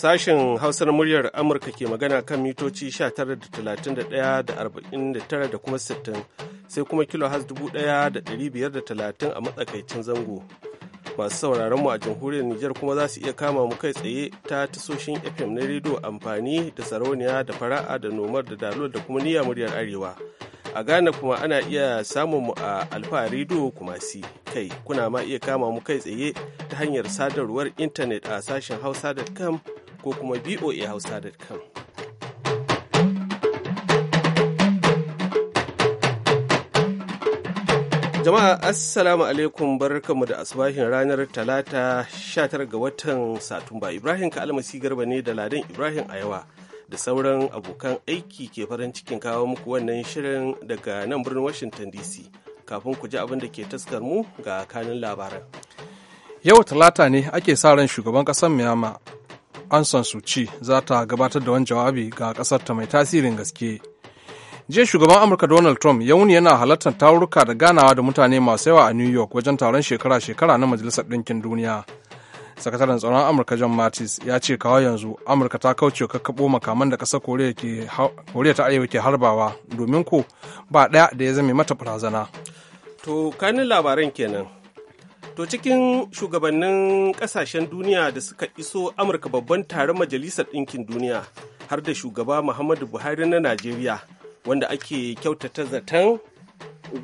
Sashen Hausar muryar Amurka ke magana kan mitoci 19.31.49 da kuma 60 sai kuma kilo 1,530 a matsakaicin zango. Masu sauraron mu a jamhuriyar niger kuma za su iya kama mu kai tsaye ta tasoshin FM na rediyo amfani da sarauniya da fara'a da nomar da dalol da kuma niyya muryar Arewa. a Ghana kuma ana iya samun mu a Alfa rediyo kuma si kai kuna ma iya kama mu kai tsaye ta hanyar sadarwar intanet a sashen hausa.com ko kuma voahausa.com. Jama'a Assalamu alaikum barkanmu da asubahin ranar Talata 19 ga watan Satumba. Ibrahim Kalmasi Garba ne da Ladan Ibrahim Ayawa da sauran abokan aiki ke farin cikin kawo muku wannan shirin daga nan birnin Washington DC. Kafin ku ji abin da ke taskar mu ga kanin labaran. Yau Talata ne ake sa ran shugaban ƙasar Myanmar an san ci za ta gabatar da wani jawabi ga kasar ta mai tasirin gaske jiya shugaban amurka donald trump ya wuni yana halartar tarurruka da ganawa da mutane masu yawa a new york wajen taron shekara-shekara na majalisar ɗinkin duniya sakataren tsaron amurka john mattis ya ce kawo yanzu amurka ta kauce kakkaɓo makaman da ƙasar koriya ta arewa ke harbawa domin ko ba ɗaya da ya zame mata barazana to kanin labaran kenan To cikin shugabannin kasashen duniya da suka iso Amurka babban taron Majalisar Ɗinkin Duniya har da shugaba Muhammadu Buhari na Najeriya wanda ake kyautata zaton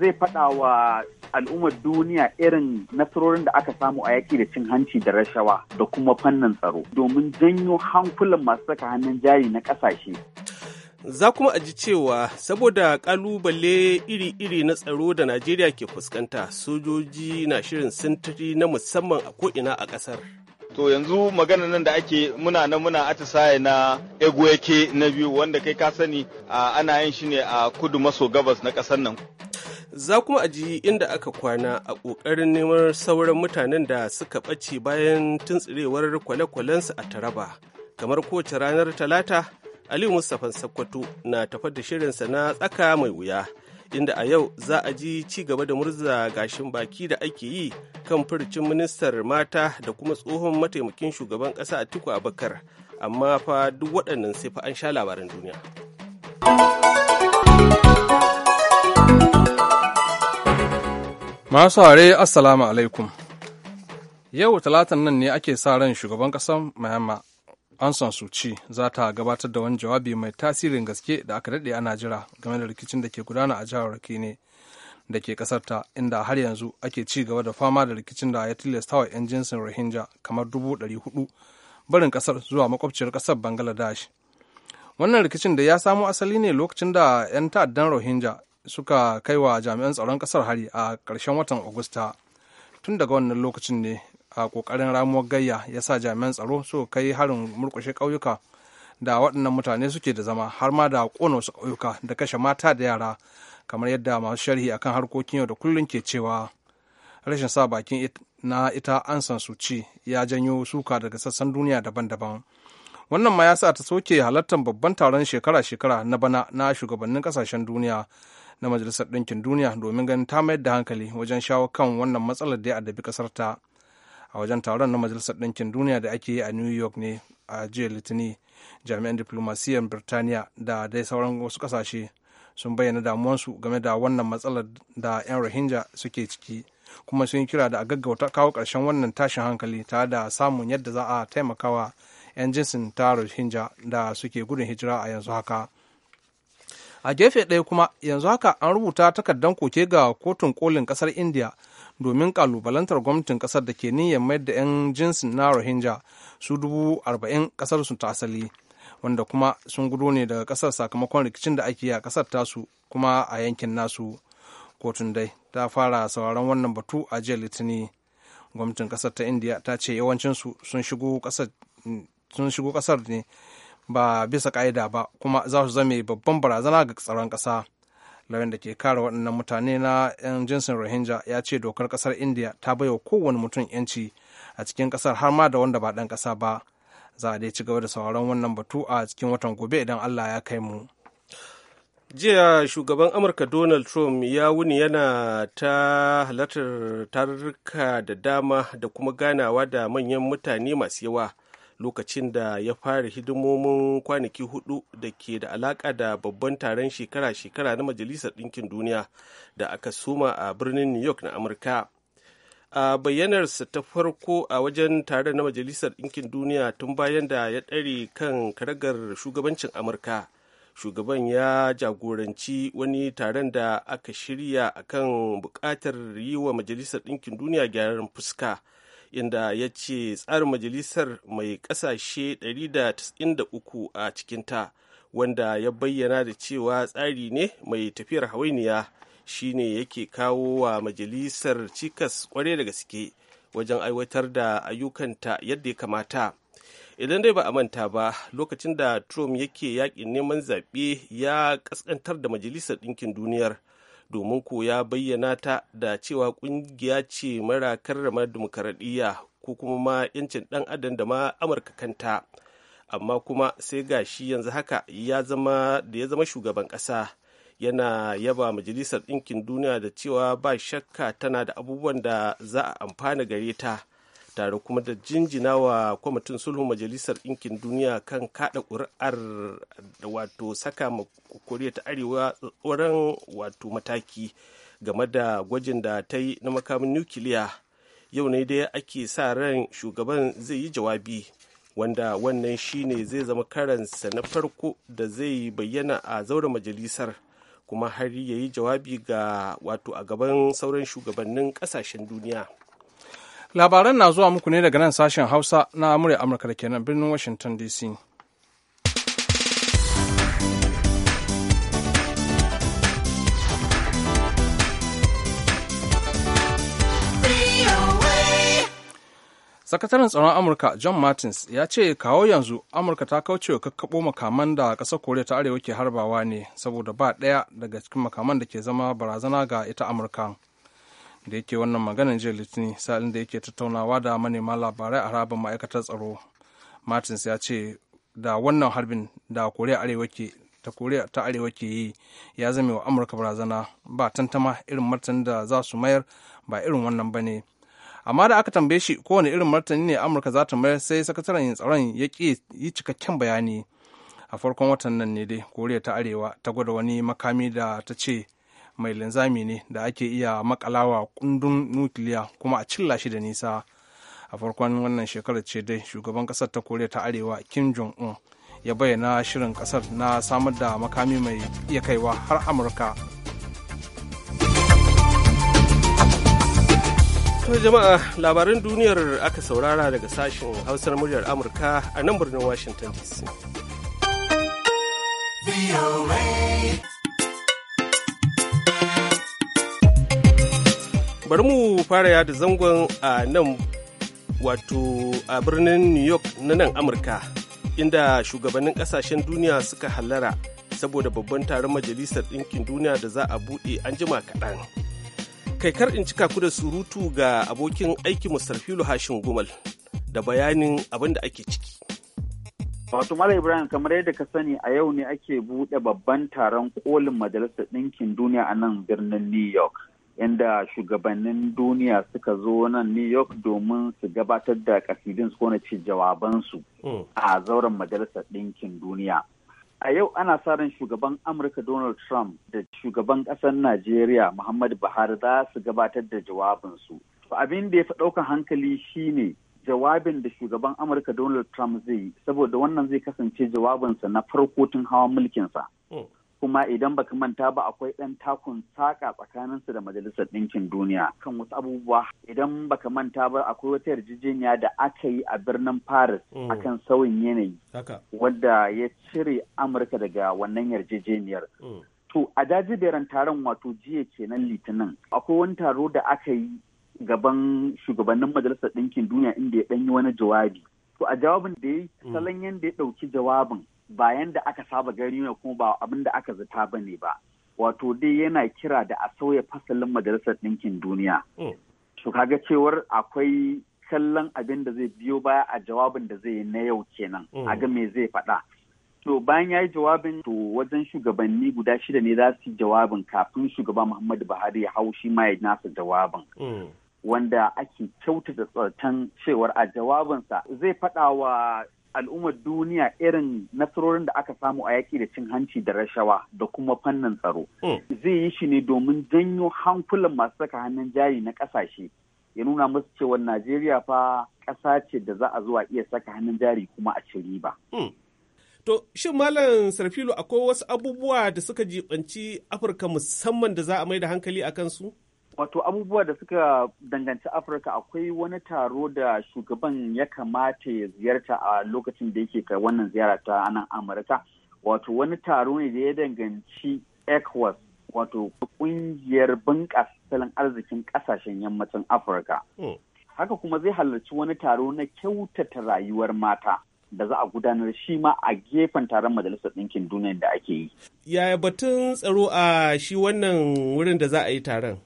zai faɗa wa al'ummar duniya irin nasarorin da aka samu a yaƙi da cin hanci da rashawa da kuma fannin tsaro domin janyo hankulan masu saka hannun jari na ƙasashe. za kuma a ji cewa saboda kalubale iri-iri na tsaro da najeriya ke fuskanta sojoji na shirin sintiri na musamman a ko'ina a ƙasar to yanzu magana nan da ake muna na muna atisaye na egweke na biyu wanda kai ka sani ana yin shi ne a kudu maso gabas na ƙasar nan za kuma a ji inda aka kwana a ƙoƙarin neman sauran mutanen da suka ɓace bayan tuntsirewar kwale-kwalensu a taraba kamar kowace ranar talata Aliyu Mustapha Sakkwato na tafar da shirinsa na tsaka mai wuya, inda a yau za a ji ci gaba da murza gashin baki da ake yi kan furucin ministar mata da kuma tsohon mataimakin shugaban ƙasa Atiku Abakar, amma fa duk waɗannan sai fa an sha labaran duniya. Masu hare Assalamu alaikum. Yau talatan nan ne ake sa ran shugaban ƙasar Myanmar ansan suci za ta gabatar da wani jawabi mai tasirin gaske da aka daɗe ana jira game da rikicin da ke gudana a jihar kine da ke kasarta inda har yanzu ake ci gaba da fama da rikicin da ya tilasta wa 'yan jinsin rohingya kamar dubu ɗari hudu barin ƙasar zuwa makwabciyar kasar bangladesh wannan rikicin da ya samo asali ne lokacin da 'yan ta'addan rohingya suka kai wa jami'an tsaron ƙasar hari a ƙarshen watan agusta tun daga wannan lokacin ne a kokarin ramuwar gayya ya sa jami'an tsaro su kai harin murkushe ƙauyuka da waɗannan mutane suke da zama har ma da ƙona wasu ƙauyuka da kashe mata da yara kamar yadda masu sharhi akan harkokin yau da kullum ke cewa rashin sa bakin na ita an san su ci ya janyo suka daga sassan duniya daban-daban wannan ma ya sa ta soke halartar babban taron shekara-shekara na bana na shugabannin kasashen duniya na majalisar ɗinkin duniya domin ganin ta mayar da hankali wajen shawo kan wannan matsalar da ya addabi ƙasar ta. a wajen taron na majalisar ɗinkin duniya da ake yi a new york ne a jiya litinin jami'an diplomasiyyar birtaniya da dai sauran wasu kasashe sun bayyana damuwansu game da wannan matsalar da 'yan rohingya suke ciki kuma sun kira da a gaggauta kawo ƙarshen wannan tashin hankali tare da samun yadda za a taimakawa 'yan jinsin ta rohingya da suke gudun hijira a yanzu haka a gefe ɗaya kuma yanzu haka an rubuta takardar koke ga kotun kolin ƙasar indiya. domin kalubalantar gwamnatin kasar da ke niyyar mayar da 'yan jinsin na rohingya su dubu arba'in kasar su ta asali wanda kuma sun gudu ne daga kasar sakamakon rikicin da ake yi a kasar tasu kuma a yankin nasu kotun dai ta fara sauraron wannan batu a jiya litini gwamnatin kasar ta indiya ta ce yawancinsu sun shigo kasar ne ba bisa ka'ida ba kuma za su zame babban barazana ga tsaron ƙasa lauyan da ke kare waɗannan mutane na 'yan jinsin rohingya ya ce dokar ƙasar india ta baiwa kowane mutum 'yanci a cikin ƙasar har ma da wanda ba ɗan ƙasa ba za a dai ci gaba da sauran wannan batu a cikin watan gobe idan allah ya kai mu jiya shugaban amurka donald trump ya wuni yana ta halartar tarurruka da dama da kuma ganawa da manyan mutane masu yawa lokacin da ya fara hidimomin kwanaki hudu da ke da alaka da babban taron shekara-shekara na majalisar ɗinkin duniya da aka suma a birnin new york na amurka a bayyanarsa ta farko a wajen taron na majalisar ɗinkin duniya tun bayan da ya ɗare kan karagar shugabancin amurka shugaban ya jagoranci wani taron da aka shirya akan buƙatar yi wa majalisar ɗinkin duniya gyaran fuska inda ya ce tsarin majalisar mai ƙasashe 193 a cikinta wanda ya bayyana da cewa tsari ne mai tafiyar hawainiya shine yake kawo wa majalisar cikas kware da gaske wajen aiwatar da ayyukanta yadda ya kamata idan dai ba a manta ba lokacin da trump yake yakin neman zaɓe ya ƙasƙantar da majalisar ɗinkin duniyar domin ko ya bayyana ta da cewa kungiya ce mara karrama dimokuraɗiyya ko kuma ma 'yancin ɗan adam da ma amurka kanta amma kuma sai ga shi yanzu haka ya zama da ya zama shugaban ƙasa yana yaba majalisar ɗinkin duniya da cewa ba shakka tana da abubuwan da za a amfana gare ta tare kuma da jinjina wa kwamitin sulhun majalisar ɗinkin duniya kan kaɗa ƙuri'ar da wato saka ma koriya ta arewa tsoron wato mataki game da gwajin da ta yi na makamin nukiliya yau ne dai ake sa ran shugaban zai yi jawabi wanda wannan shine zai zama karansa na farko da zai bayyana a zauren majalisar kuma har yayi jawabi ga wato a gaban sauran shugabannin kasashen duniya labaran na zuwa muku ne daga nan sashen hausa na murya amurka da ke nan birnin washington dc sakataren tsaron amurka john martins ya ce kawo yanzu amurka ta kauce wa kakkaɓo makaman da ƙasar koriya ta arewa ke harbawa ne saboda ba ɗaya daga cikin makaman da ke zama barazana ga ita amurka da yake wannan maganar jiya litinin sa'ilin da yake tattaunawa da manema labarai a rabin ma'aikatar tsaro martins ya ce da wannan harbin da koriya arewa ke ta koriya ta arewa ke yi ya zame wa amurka barazana ba tantama irin martani da za su mayar ba irin wannan ba ne amma da aka tambaye shi kowane irin martani ne amurka za ta mayar sai sakataren tsaron ya ƙi yi cikakken bayani a farkon watan nan ne dai koriya ta arewa ta gwada wani makami da ta ce mai linzami ne da ake iya makalawa kundin nukiliya kuma a cilla shi da nisa a farkon wannan shekarar ce dai shugaban kasar ta koriya ta arewa kim jong un ya bayyana shirin kasar na samar da makami mai iya kaiwa har amurka To jama'a labaran duniyar aka saurara daga sashen hausar muryar Amurka a nan birnin Washington DC. bari mu fara yada zangon a nan wato a birnin new york na nan amurka inda shugabannin kasashen duniya suka hallara saboda babban taron majalisar ɗinkin duniya da za a buɗe an jima kaɗan kai kar in cika ku da surutu ga abokin aiki mustarfilu hashin gumal da bayanin abin da ake ciki wato malam ibrahim kamar yadda ka sani a yau ne ake buɗe babban taron kolin majalisar ɗinkin duniya a nan birnin new york inda shugabannin duniya suka zo nan New York domin su gabatar da kasidin su na ce jawabansu hmm. a zauren majalisar ɗinkin duniya. A yau ana sa ran shugaban Amurka Donald Trump da shugaban ƙasar Najeriya Muhammadu Buhari za su gabatar da jawabinsu. Abin da ya fi ɗaukar hankali ne jawabin da shugaban Amurka Donald Trump zai yi saboda wannan zai kasance jawabinsa na farko tun hawan mulkinsa. Hmm. kuma idan baka manta ba akwai ɗan takun saƙa tsakaninsu da majalisar ɗinkin duniya kan wasu abubuwa idan baka manta ba akwai wata yarjejeniya da aka yi a birnin paris mm. akan sauyin yanayi wadda ya cire amurka daga wannan yarjejeniyar mm. to a jajiberin taron wato jiya kenan litinin akwai wani taro da aka yi gaban shugabannin majalisar ɗinkin duniya inda ya ɗanyi wani jawabi to a jawabin da ya yi mm. salon yadda ya ɗauki jawabin ba yanda aka saba gani ne kuma ba abin da aka zata ba ne ba wato dai yana kira da a sauya fasalin majalisar ɗinkin duniya hmm. to kaga cewar akwai kallon abin da zai biyo baya a jawabin da zai yi na yau kenan a hmm. ga me zai faɗa to bayan ya yi jawabin to wajen shugabanni guda shida ne za su yi jawabin kafin shugaba muhammadu buhari ya hau shi ma ya nasa jawabin hmm. wanda ake kyautata tsartan cewar a jawabinsa zai faɗa wa al'ummar duniya irin nasarorin da aka samu a yaƙi da cin hanci da rashawa da kuma fannin tsaro. Oh. Zai yi shi ne domin janyo hankulan masu saka hannun jari na ƙasashe. Ya nuna musu cewa Najeriya fa ƙasa ce da za a zuwa iya saka hannun jari kuma a ci riba. Hmm. To, shin Malam Sarfilo akwai wasu abubuwa da suka jibanci Afirka musamman da za a mai da hankali a kansu? Wato abubuwa da suka danganci Afirka akwai wani taro da shugaban ya kamata ya ziyarta a lokacin da yake kai wannan ziyara ta nan Amurka. Wato wani taro ne da ya danganci ECOWAS wato kungiyar bunƙasa tattalin arzikin ƙasashen yammacin Afirka. Hmm. Haka kuma zai halarci wani taro na kyautata rayuwar mata. da za a gudanar shi ma a gefen taron majalisar ɗinkin duniya da ake yi. Yaya batun tsaro a shi wannan wurin da za a yi taron?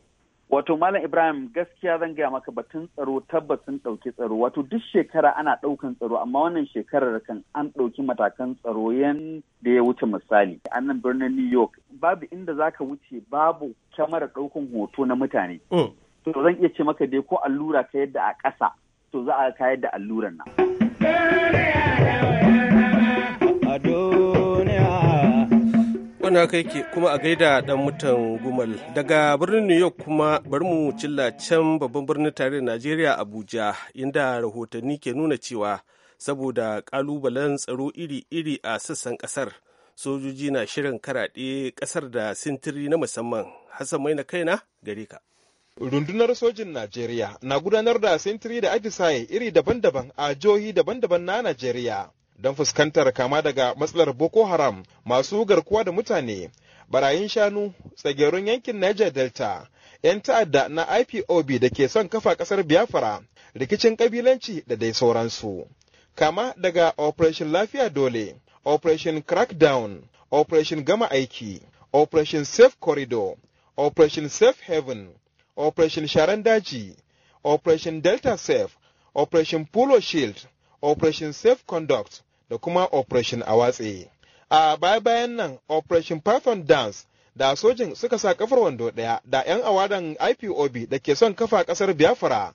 Wato Malam Ibrahim gaskiya zan gaya maka batun tsaro tabbas sun ɗauki tsaro wato duk shekara ana ɗaukan tsaro amma wannan shekarar kan an ɗauki matakan tsaro yadda ya wuce misali a nan birnin New York babu inda zaka wuce babu kyamara ɗaukan hoto na mutane. Oh. To zan iya ce maka dai ko allura ka yadda a ƙasa to za a ka yadda alluran nan. na kai kuma a gaida dan mutan gumal daga birnin new york kuma bari mu cilla can babban birnin tarayyar najeriya abuja inda rahotanni ke nuna cewa saboda kalubalen tsaro iri-iri a sassan kasar sojoji na shirin karaɗe kasar da sintiri na musamman hassan mai na kaina gare ka rundunar sojin najeriya na gudanar da sintiri da atisaye iri daban-daban a jihohi daban-daban na najeriya don fuskantar kama daga matsalar boko haram masu garkuwa da mutane barayin shanu tsagerun yankin niger delta 'yan ta'adda na ipob da ke son kafa kasar biafra rikicin kabilanci da dai sauransu kama daga operation lafiya dole operation crackdown operation gama aiki operation safe corridor operation safe Heaven, operation sharan daji operation delta safe operation polo shield operation safe conduct da kuma Operation Awatse. A baya-bayan nan Operation Python Dance da sojin suka sa kafar wando ɗaya da 'yan awadan IPOB da ke son kafa ƙasar Biafra.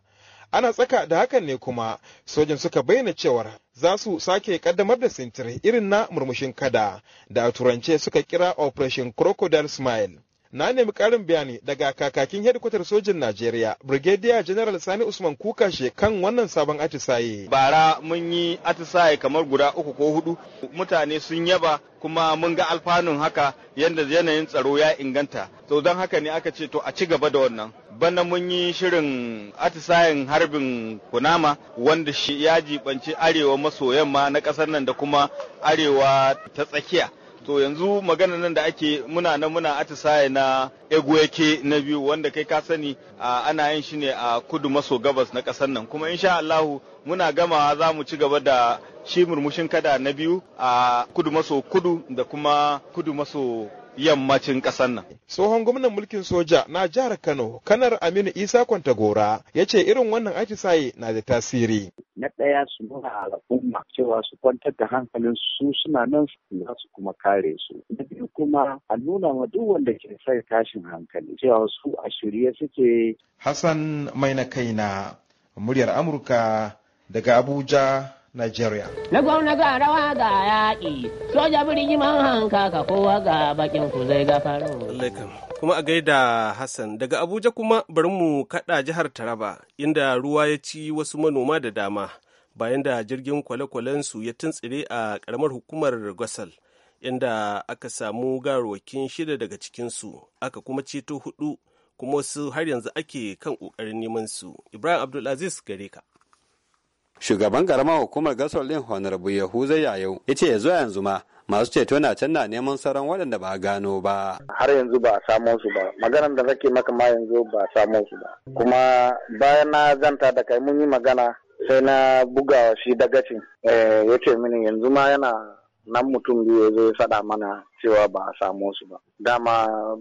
Ana tsaka da hakan ne kuma sojin suka bayyana cewar za su sake kaddamar da sintiri irin na murmushin kada da a turance suka kira Operation Crocodile Smile. na nemi karin bayani daga kakakin hedikwatar sojin najeriya brigadier general sani usman kuka she kan wannan sabon atisaye bara mun yi atisaye kamar guda uku ko hudu mutane sun yaba kuma mun ga alfanun haka yadda yanayin tsaro ya inganta to don haka ne aka ce to a ci gaba da wannan bana mun yi shirin atisayen harbin kunama wanda shi ya jibanci arewa maso yamma na ƙasar nan da kuma arewa ta tsakiya to yanzu maganar nan da ake muna nan muna atisaye na egweke na biyu wanda kai ka sani ana yin shi ne a kudu maso gabas na ƙasar nan kuma insha Allahu muna gama za mu ci gaba da shi murmushin kada na biyu a kudu maso kudu da kuma kudu maso yammacin ƙasar nan. Tsohon gwamnan mulkin soja na jihar Kano, Kanar Aminu Isa Kwantagora, ya ce irin wannan atisaye na da tasiri. Na ɗaya su nuna al'umma cewa su kwantar da hankalin su suna nan za su kuma kare su. Na biyu kuma a nuna ma duk wanda ke sai tashin hankali cewa su a shirye suke. Hassan mai na kaina muryar Amurka daga Abuja, Nigeria. Na gwamna ga rawa ga yaƙi, soja birni man hanka ka kowa ga bakin ku zai gafarin. Kuma a gaida Hassan daga Abuja kuma bari mu kaɗa jihar Taraba inda ruwa ya ci wasu manoma da dama bayan da jirgin kwale-kwalensu ya tuntsire a ƙaramar hukumar Gwasal. Inda aka samu garwakin shida daga cikinsu aka kuma ceto hudu kuma wasu har yanzu ake kan ƙoƙarin neman su. Ibrahim Abdulaziz gare ka. Shugaban karamar hukumar gasar din Honorable Yahuza Yayo ya ce ya a yanzu ma masu ceto na can na neman sauran waɗanda ba a gano ba. Har yanzu ba a samo su ba, maganar da nake maka ma yanzu ba a samo su ba. Kuma bayan na zanta da kai mun yi magana sai na bugawa shi dagacin. Eh, ya ce mini yanzu ma yana nan mutum biyu ya zo ya faɗa mana cewa ba a samo su ba dama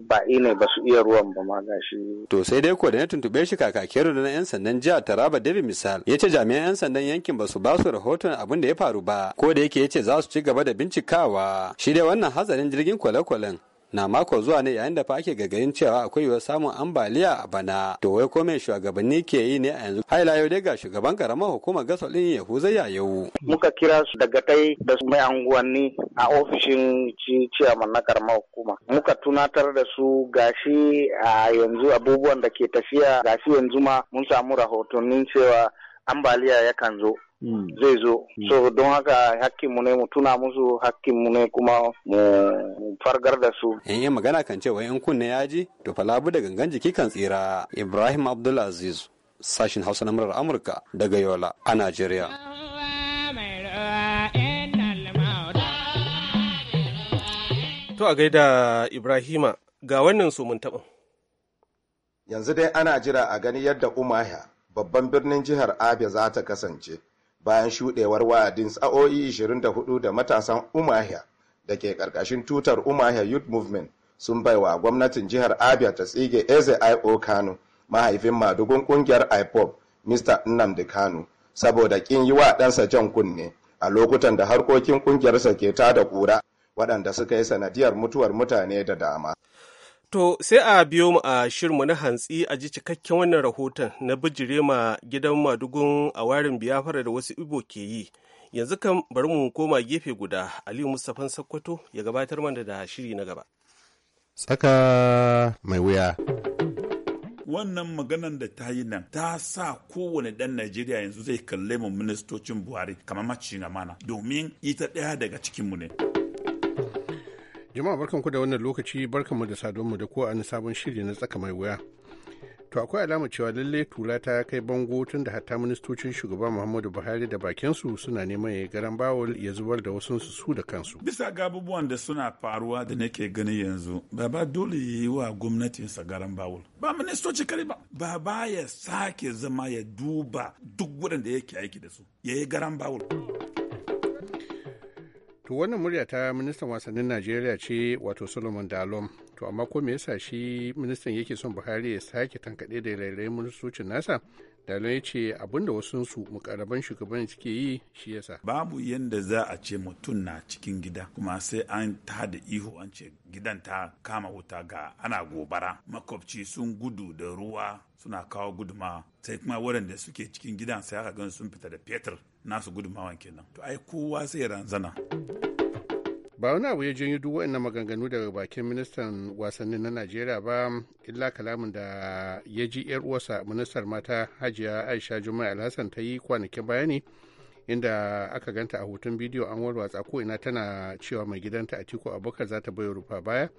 ba ne ba su iya ruwan ba ma gashi to sai dai ko da na tuntube shi kero da na yan sandan jiya? Taraba David misal ya ce jami'an yan sandan yankin ba su ba su rahoton abin da ya faru ba ko da yake ya ce za su ci gaba da bincikawa shi dai wannan hatsarin jirgin kwale-kwalen na mako zuwa ne yayin da fa ake gagarin cewa akwai yiwuwar samun ambaliya a bana to wai ko shugabanni ke yi ne a yanzu haila yau dai ga shugaban karamar hukumar ɗin din ya yau muka kira su daga tai da mai anguwanni a ofishin ciyaman na karamar hukuma muka tunatar da su gashi a yanzu abubuwan da ke tafiya gashi yanzu ma mun samu rahotonin cewa ambaliya yakan zo zai zo hmm. so don haka mu ne mu tuna musu mu ne kuma mu fargar da su in yi magana kan cewa in kunne ya ji to falabu da gangan jiki kan tsira ibrahim abdulaziz sashin hausa na murar amurka daga yola a najeriya to a gaida ibrahima ga wannan mun taɓin yanzu dai ana jira a gani yadda umaha babban birnin jihar abia za ta kasance bayan shuɗewar wa'adin sa'o'i 24 da matasan umahiya da ke ƙarƙashin tutar umahiya youth movement sun baiwa gwamnatin jihar abia ta tsige eze io kano mahaifin madugun ƙungiyar iPOP, mr nnamdi kano saboda ƙin yi wa ɗansa jan kunne a lokutan da harkokin ƙungiyarsa ke tada ƙura waɗanda suka yi sanadiyar mutuwar mutane da dama To sai a biyo mu a shirmu na hantsi a ji cikakken wannan rahoton na bijire ma gidan madugun a warin biyafara da wasu ibo ke yi. Yanzu kan bari mu koma gefe guda Aliyu mustafan Sakkwato ya gabatar mana da shiri na gaba. Tsaka mai wuya. wannan maganar da ta yi nan ta sa kowane ɗan Najeriya yanzu zai kalle mu ministocin Buhari kamar macin amana domin ita ɗaya daga cikinmu ne. Jama'a barkanku da wannan lokaci barkanmu da saduwanmu da ko an sabon shiri na tsaka mai wuya. To akwai alama cewa lallai tura ta kai bango tun da hatta ministocin shugaba Muhammadu Buhari da bakinsu suna neman ya garan bawul ya zubar da wasu su da kansu. Bisa ga abubuwan da suna faruwa da nake gani yanzu, baba dole ya yi wa gwamnatinsa garan bawul. Ba ministoci kare ba. Baba ya sake zama ya duba duk waɗanda yake aiki da su, ya yi garan bawul. To wannan murya ta ministan wasannin Najeriya ce wato Solomon Dalom. To amma ko me yasa shi ministan yake son Buhari ya sake tankaɗe da rairayin ministocin nasa? Dalo ya ce abinda wasu su mukarraban shugaban suke yi shi yasa. Babu yadda za a ce mutum na cikin gida kuma sai an ta da ihu an ce gidan ta kama wuta ga ana gobara. Makwabci sun gudu da ruwa suna kawo guduma sai kuma waɗanda suke cikin gidan sai aka gan sun fita da fetur nasu gudumawan kenan. To ai kowa sai ranzana. ba wani abu ya janyo duk waɗannan maganganu daga bakin ministan wasannin na najeriya ba illa kalamin da ya ji yar uwarsa ministar mata hajiya aisha juma'a alhassan ta yi kwanakin baya ne inda aka ganta a hoton bidiyo an warwatsa ko ina tana cewa mai gidanta atiku abubakar za ta bai rufa baya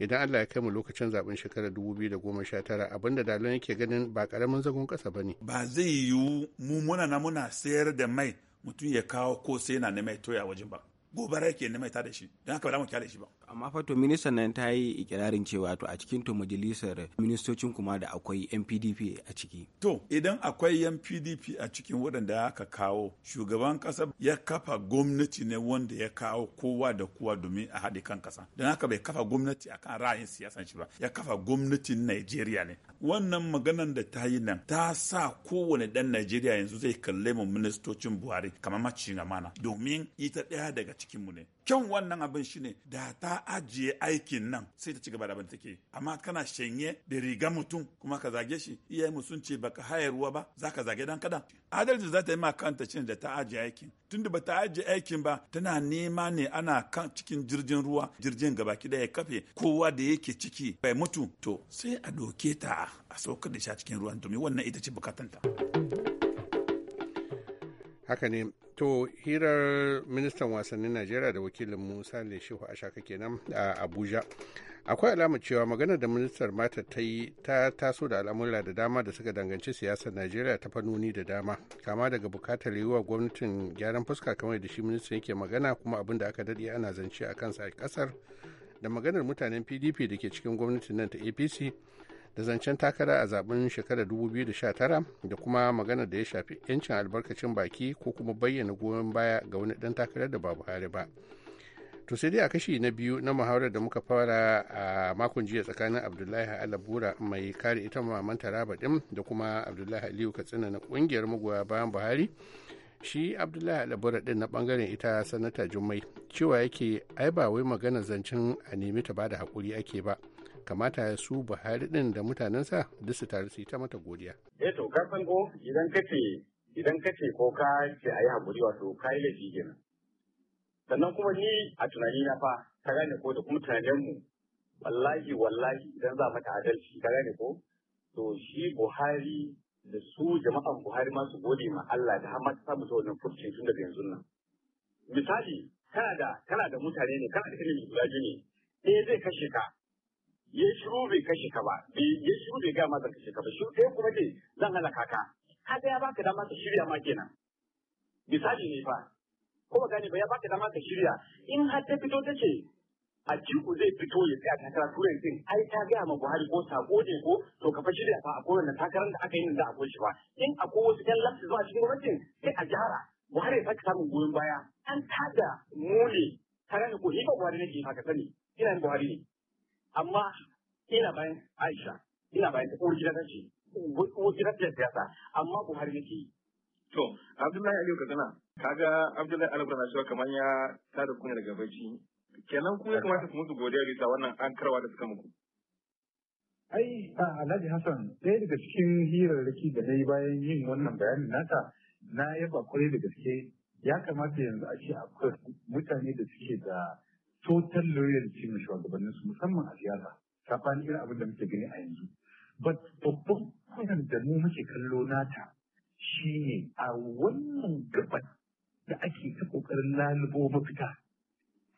idan allah ya kai mu lokacin zaben shekarar dubu da goma sha 2019 abinda dalon yake ganin ba karamin zagon kasa ba ne ba zai yiwu mu muna na muna sayar da mai mutum ya kawo ko sai na mai toya wajen ba gobara yake nema ta da shi don haka ba za mu kyale shi ba amma fato minista nan ta yi ikirarin cewa to a cikin to majalisar ministocin kuma da akwai yan pdp a ciki to idan akwai yan pdp a cikin waɗanda aka kawo shugaban ƙasa ya kafa gwamnati ne wanda ya kawo kowa da kowa domin a haɗe kan ƙasa don haka bai kafa gwamnati a kan ra'ayin siyasan shi ba ya kafa gwamnatin najeriya ne wannan maganan da ta yi nan ta sa kowane ɗan najeriya yanzu zai kalle mu ministocin buhari kamar macin amana domin ita ɗaya daga cikinmu ne kyan wannan abin shine da ta ajiye aikin nan sai ta ci gaba da abin amma kana shanye da riga mutum kuma ka zage shi iyaye mu sun ce baka hayarwa ba zaka zage dan kada adalci za ta yi ma kanta shine da ta ajiye aikin tunda ba ta ajiye aikin ba tana nema ne ana kan cikin jirgin ruwa jirgin gabaki ya kafe kowa da yake ciki bai mutu to sai a doke ta a saukar da shi cikin ruwan domin wannan ita ce bukatanta. haka ne To hirar ministan wasannin Najeriya da wakilin Musa Leshihu Ashaka kenan a Abuja. Akwai alamar cewa magana da ministar mata ta yi ta taso da al'amura da dama da suka danganci siyasar Najeriya ta fannoni da dama. Kama daga bukatar yiwuwa gwamnatin gyaran fuska kamar da shi ministan yake magana kuma abin da aka daɗe ana zance a kansa a ƙasar da maganar mutanen PDP da ke cikin gwamnatin nan ta APC da zancen takara a zaben shekarar 2019 da kuma magana da ya shafi 'yancin albarkacin baki ko kuma bayyana goyon baya ga wani dan takarar da ba buhari ba to sai dai a kashi na biyu na muhawarar da muka fara a makon jiya tsakanin abdullahi alabura mai kare ita maman raba din da kuma abdullahi aliyu katsina na kungiyar magoya bayan buhari shi abdullahi alabura din na bangaren ita sanata jummai cewa yake ai ba wai magana zancen a nemi ta bada hakuri ake ba kamata su buhari din da mutanensa duk su taru su yi ta mata godiya eh to ka san ko idan ce idan ce ko ka ce ayi hakuri wato ka yi laifi kenan sannan kuma ni a tunani na fa ka gane ko da kuma tunanin mu wallahi wallahi idan za mata adalci ka gane ko to shi buhari da su jama'an Buhari ma su gode ma Allah da har ta mutu wannan furcin tun daga yanzu nan. Misali, kana da kana da mutane ne, kana da ilimi guda ne, ɗaya zai kashe ka, ya shiru bai kashe ka ba ya shiru bai gama da kashe ka ba shiru ɗaya kuma ce zan halaka ka kaga ya baka dama ka shirya ma kenan misali ne fa ko ba gane ba ya baka dama ka shirya in har ta fito ta ce a ciku zai fito ya tsaya takara turai din ai ta gaya ma Buhari ko sako ne ko to ka fa shirya fa a kowane takarar da aka yi da akwai shi ba in akwai wasu kan lafsi zuwa cikin gwamnatin sai a gyara Buhari ya sake samun goyon baya an tada mole tare da ko hiba Buhari nake haka sani ina Buhari ne amma ina bayan Aisha ina bayan ta uwar ce uwar da siyasa amma Buhari ya ce to Abdullahi Aliyu Katsina kaga Abdullahi Aliyu Katsina cewa kamar ya tada kuna daga bacci kenan ku ya kamata ku musu godiya bisa wannan an karwa da suka muku ai a Alhaji Hassan ɗaya daga cikin hirarraki da na yi bayan yin wannan bayanin nata na yaba kwarai da gaske ya kamata yanzu a ce akwai mutane da suke da total loyalty na shugabannin su musamman a siyasa saɓani irin abin da muke gani a yanzu but babban kwanan da mu muke kallo nata shi ne a wannan gaban da ake ta kokarin lalubo mafita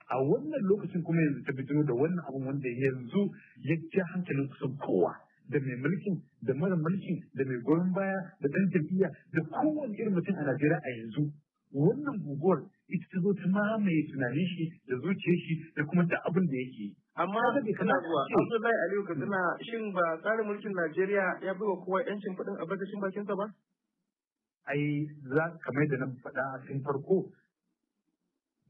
a wannan lokacin kuma yanzu ta fito da wannan abin wanda yanzu ya ja hankalin kusan kowa da mai mulkin da mara mulkin da mai goyon baya da ɗan jam'iyya da kowane irin mutum a Najeriya a yanzu wannan guguwar ita ta zo ta mamaye tunanin shi da zuciya shi da kuma da abin da yake yi amma da kana zuwa Abdullahi Aliyu Katsina shin ba tsarin mulkin Najeriya ya bai wa kowa yancin faɗin albarkacin bakinsa ba ai za mai da na faɗa a cikin farko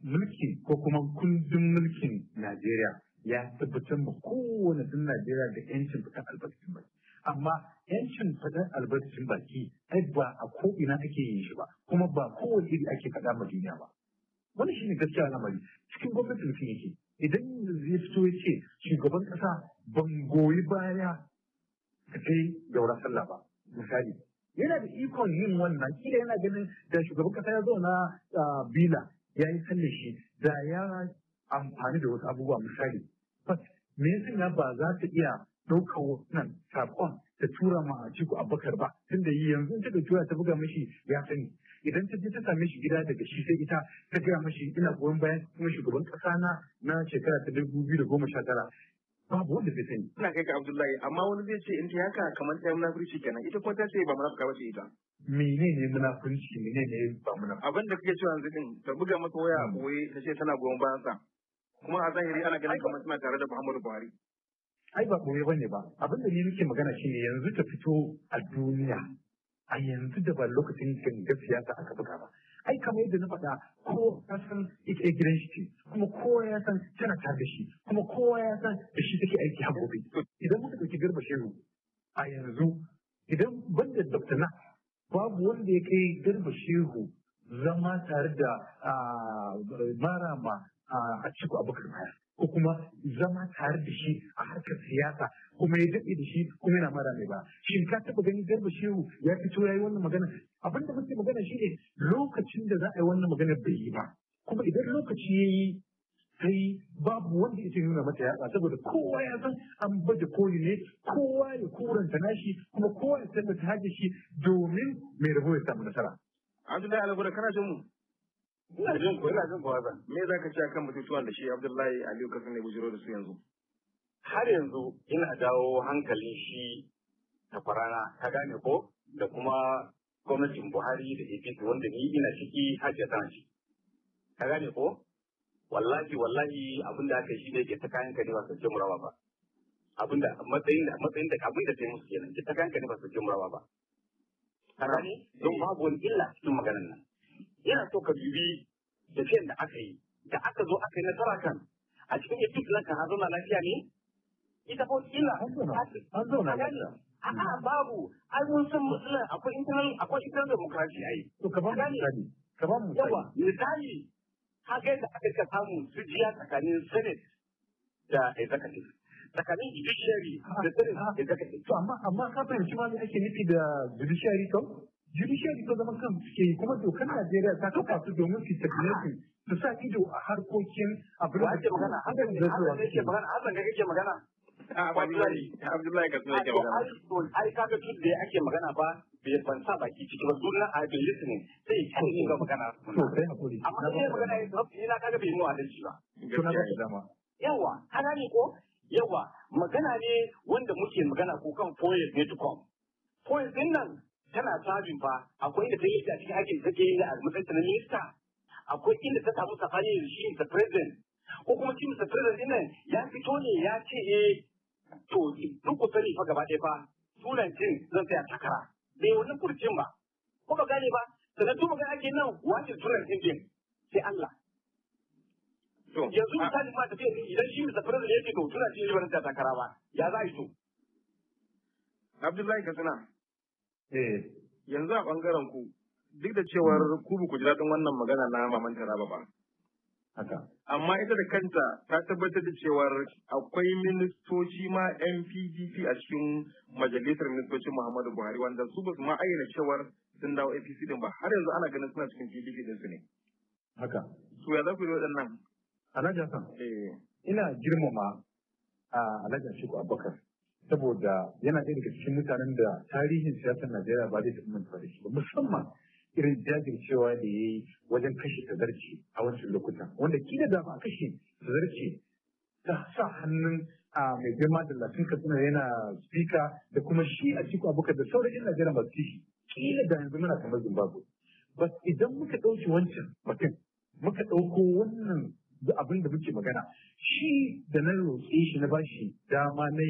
mulki ko kuma kundin mulkin Najeriya ya tabbatar ma kowane tun Najeriya da yancin fitar albarkacin baki. amma yancin fadar albarkacin baki ai ba a ko'ina ake yin shi ba kuma ba kowace iri ake faɗa ma duniya ba wani shi ne gaskiya lamari cikin gwamnatin mutum yake idan zai fito ya ce shugaban ƙasa ban goyi baya ka kai yaura sallah ba misali yana da ikon yin wannan kila yana ganin da shugaban ƙasa ya zauna bila ya yi sallah shi da ya amfani da wasu abubuwa misali me yasa ba za ta iya ɗaukar nan, saƙon ta tura ma ciku Abakar ba tun da yi yanzu in ta tura ta buga mashi ya sani idan ta je ta same shi gida daga shi sai ita ta gaya mashi, ina goyon bayan kuma shugaban kasa na na shekara ta dubu biyu da goma sha tara babu wanda zai sani. Ina kai ka Abdullahi amma wani zai ce in ta yaka kamar ta yi munafurci kenan ita kuma ta ce ba munafuka ba ce ita. Mene ne munafurci mene ne ba munafuka. Abin da kuke cewa yanzu din ta buga masa waya a boye ta ce tana goyon bayan sa kuma a zahiri ana ganin kamar tana tare da Muhammadu Buhari. ai ba koyo bane ba abin da ni nake magana shine yanzu ta fito a duniya a yanzu da ba lokacin gangar siyasa aka buga ba ai kamar yadda na faɗa ko ya san ita gidan shi kuma kowa ya san tana ta da shi kuma kowa ya san da shi take aiki a gobe idan muka ɗauki garba shehu a yanzu idan banda dr na babu wanda ya kai garba shehu zama tare da ah, marama a ah, cikin abokan baya ko kuma zama tare da shi a harkar siyasa kuma ya daɗe da shi kuma yana mara mai ba shin ka taɓa ganin garba shehu ya fito ya yi wannan magana abin da muke magana shi ne lokacin da za a yi wannan magana bai yi ba kuma idan lokaci ya yi sai babu wanda ya nuna mata yatsa saboda kowa ya san an baje koli ne kowa ya kuranta nashi kuma kowa ya ta hajji shi domin mai rabo ya samu nasara. Abdullahi Alagura kana jin mu? Ina jin ko ina jin ko Hassan. Me za ka ce akan batutuwan da shi Abdullahi Aliyu ka ne bujiro da su yanzu? Har yanzu ina dawo hankalin shi ta kwarana ka gane ko da kuma gwamnatin Buhari da APC wanda ni ina ciki hajja ya tana shi. Ka gane ko? Wallahi wallahi abinda aka yi shi ne ke ta kayan ka ne ba su ce murawa ba. Abinda, da matsayin da matsayin da abin da ta yi musu kenan ke ta kayan ka ne ba su ce murawa ba. Ka gane? Eh. Don babu wani illa cikin maganar nan. yana so ka dubi tafiyan da aka yi da aka zo aka yi nasara kan a cikin ya duk lanka har zauna lafiya ne ita ko kila har zauna lafiya a'a mm. babu ai mun san akwai internal akwai internal democracy ai to ka ba mu misali ka ba mu misali yawa misali haka yadda aka ka samu jiya tsakanin senate da executive tsakanin judiciary da senate executive to amma amma ka fahimci ma me ake nufi da judiciary kan judiciary ta zama kan suke yi kuma dokar Najeriya ta kafa su domin su tafiye su sa ido a harkokin abin da ake magana hakan da zuwa magana magana hakan da kake magana Abdullahi Abdullahi ka tsaye magana ai ka ga tun da ake magana ba bai ban sa baki ciki ba na a bai ne sai ya ci ga magana to sai hakuri amma sai magana ya ina kaga bai mu adalci ba to na ga dama yawa kana ne ko yawa magana ne wanda muke magana ko kan foyer ne tukon foyer din nan tana sabin ba akwai da ta yi cikin aikin take yi a matsayin na minista akwai inda ta samu safari da shi da President ko kuma shi Mr. President din ya fito ne ya ce eh to duk ku sani fa gaba ɗaya fa sunan jin zan tsaya takara bai wannan kurcin ba ko ba gane ba sannan tun magana ake nan wace sunan jin din sai Allah yanzu misali ma tafiya idan shi Mr. President ya ce to sunan jin zan tsaya takara ba ya za a yi to Abdullahi Katsina. Eh. Yanzu a ɓangaren ku duk da cewar hmm. ku ba ku ji daɗin wannan magana na maman Taraba ba. Haka. Amma ita da kanta ta tabbatar da cewar akwai ministoci ma NPDP a cikin majalisar ministocin Muhammadu Buhari wanda su ba su ma ayyana cewar sun dawo APC din ba har yanzu ana ganin suna cikin PDP din su ne. Haka. Su ya za ku yi waɗannan? Alhaji Hassan. Eh. Ina girmama a ah, Alhaji Shiku Abubakar. saboda yana ɗaya daga cikin mutanen da tarihin siyasar Najeriya ba zai taɓa manta da shi ba musamman irin jajircewa da ya yi wajen kashe tazarci a wancan lokuta wanda kila da ba kashe tazarci ta sa hannun a mai girma da latin katsina yana spika da kuma shi a cikin abuka da sauran yan Najeriya ba su kila da yanzu muna kamar Zimbabwe. Ba idan muka ɗauki wancan mutum muka ɗauko wannan da abin da muke magana shi da na roƙe shi na bashi dama na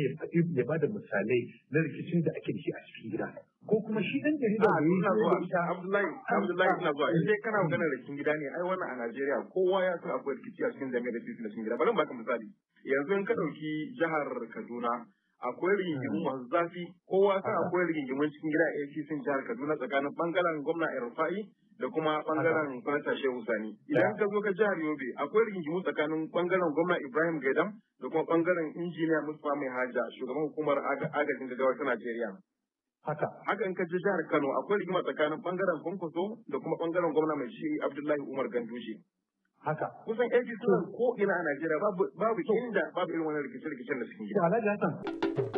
ya ba da misalai na rikicin da ake da shi a cikin gida ko kuma shi dan jarida da yana zuwa Abdullahi Abdullahi ina zuwa in dai kana magana rikicin gida ne ai wannan a Najeriya kowa ya san akwai rikici a cikin jami'ar da cikin cikin gida bari mu baka misali yanzu in ka dauki jihar Kaduna akwai rigingimu masu zafi kowa sa akwai rigingimu cikin gida a cikin jihar Kaduna tsakanin bangaren gwamna rufa'i. da kuma bangaren Faranta Shehu Sani. Idan ka zo ka jihar Yobe akwai rigingimu tsakanin bangaren gwamna Ibrahim Gaidam da kuma bangaren injiniya Mustapha Mai Haja shugaban hukumar agajin gaggawar ta Najeriya. Haka. Haka in ka je jihar Kano akwai rigima tsakanin bangaren Kwankwaso da kuma bangaren gwamna mai shi Abdullahi Umar Ganduje. haka kusan aiki ko ina a Najeriya babu inda babu irin wani rikice-rikicen da suke yi.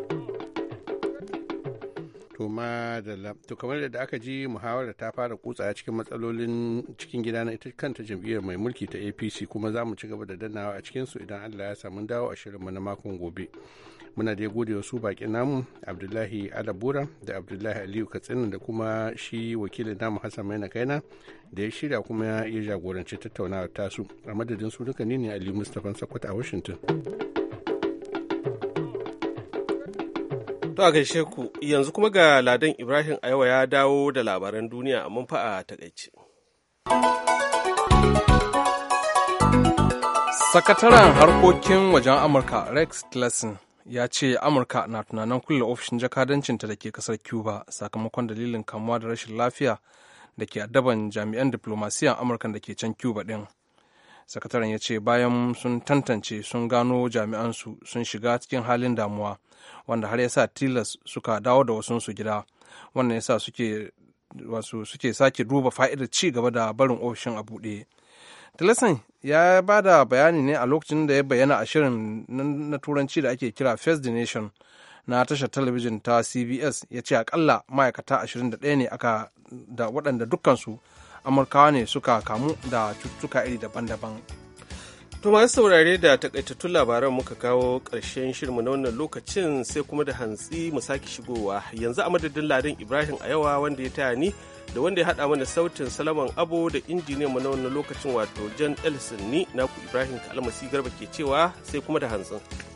To ma da to kamar da aka ji muhawara ta fara kutsa cikin matsalolin cikin gida na ita kanta jam'iyyar mai mulki ta APC kuma za mu ci gaba da dannawa a cikin su idan Allah ya samu dawo a shirinmu na makon gobe. Muna da gode wasu bakin namu Abdullahi Alabura da Abdullahi Aliyu Katsina da kuma shi wakilin namu Hassan Maina Kaina da ya shirya kuma ya jagoranci tattaunawa tasu. A madadin su duka ne ne Aliyu Mustapha Sakwata a Washington. To a gaishe ku yanzu kuma ga Ladan Ibrahim Aiwa ya dawo da labaran duniya a fa a takaice. Sakataren harkokin wajen Amurka Rex Tillerson ya ce Amurka na tunanin kulle ofishin jakadancinta da ke kasar Cuba sakamakon dalilin kamuwa da rashin lafiya da ke addaban jami'an diplomasiyan Amurka da ke can Cuba ɗin. sakataren ya ce bayan sun tantance sun gano jami'ansu sun shiga cikin halin damuwa wanda har ya sa tilas suka dawo da su gida wannan ya sa suke wasu sake duba fa'idar ci gaba da barin ofishin a buɗe tilasan ya ba da bayani ne a lokacin da ya bayyana a shirin na turanci da ake kira first the nation na tashar talabijin ta cbs ya ce akalla ma'aikata 21 ne aka da waɗanda dukkansu amurkawa ne suka kamu da cututtuka iri daban-daban To masu saurare da takaitattun labaran muka kawo ƙarshen shirmu na wannan lokacin sai kuma da hantsi mu sake shigowa yanzu a madadin ladin Ibrahim a yawa wanda ya taya ni da wanda ya haɗa mana sautin salaman abu da injiniyan mu na wannan lokacin wato Jan Elson ni naku Ibrahim Kalmasi Garba ke cewa sai kuma da hantsin.